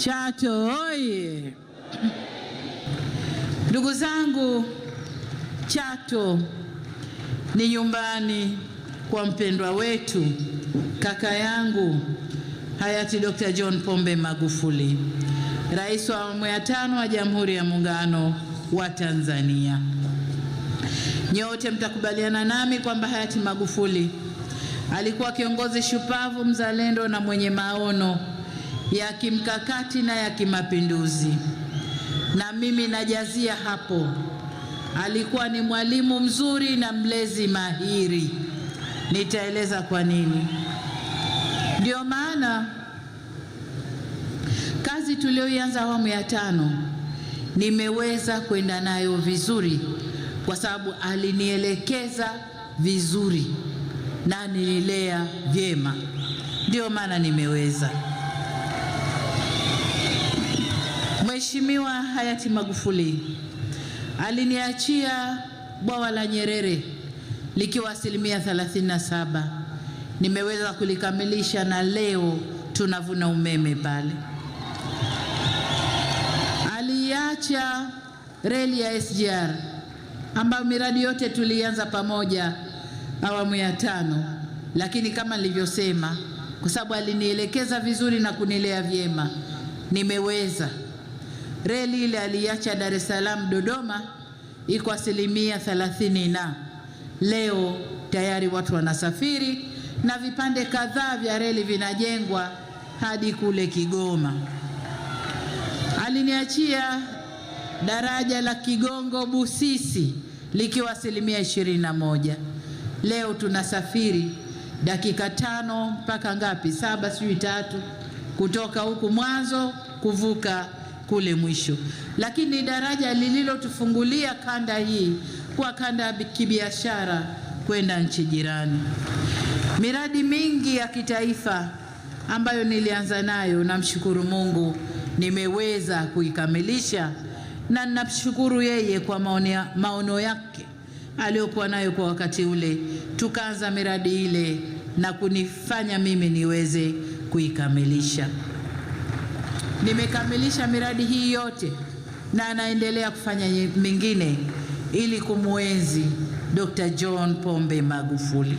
Chato oye! Ndugu zangu, Chato ni nyumbani kwa mpendwa wetu kaka yangu hayati Dr. John Pombe Magufuli, rais wa awamu ya tano wa Jamhuri ya Muungano wa Tanzania. Nyote mtakubaliana nami kwamba hayati Magufuli alikuwa kiongozi shupavu, mzalendo na mwenye maono ya kimkakati na ya kimapinduzi, na mimi najazia hapo. Alikuwa ni mwalimu mzuri na mlezi mahiri. Nitaeleza kwa nini. Ndio maana kazi tuliyoianza awamu ya tano nimeweza kwenda nayo vizuri, kwa sababu alinielekeza vizuri na nililea vyema, ndio maana nimeweza. Mheshimiwa hayati Magufuli aliniachia bwawa la Nyerere likiwa asilimia 37. Nimeweza kulikamilisha na leo tunavuna umeme pale. Aliacha reli ya SGR ambayo miradi yote tulianza pamoja awamu ya tano, lakini kama nilivyosema, kwa sababu alinielekeza vizuri na kunilea vyema, nimeweza Reli ile aliacha Dar es Salaam Dodoma iko asilimia thelathini na leo tayari watu wanasafiri na vipande kadhaa vya reli vinajengwa hadi kule Kigoma. Aliniachia daraja la Kigongo Busisi likiwa asilimia ishirini na moja. Leo tunasafiri dakika tano mpaka ngapi, saba sijui tatu, kutoka huku mwanzo kuvuka kule mwisho, lakini daraja lililotufungulia kanda hii kwa kanda ya kibiashara kwenda nchi jirani. Miradi mingi ya kitaifa ambayo nilianza nayo, namshukuru Mungu nimeweza kuikamilisha, na namshukuru yeye kwa maonia, maono yake aliyokuwa nayo kwa wakati ule, tukaanza miradi ile na kunifanya mimi niweze kuikamilisha. Nimekamilisha miradi hii yote na anaendelea kufanya mingine ili kumwenzi Dr. John Pombe Magufuli.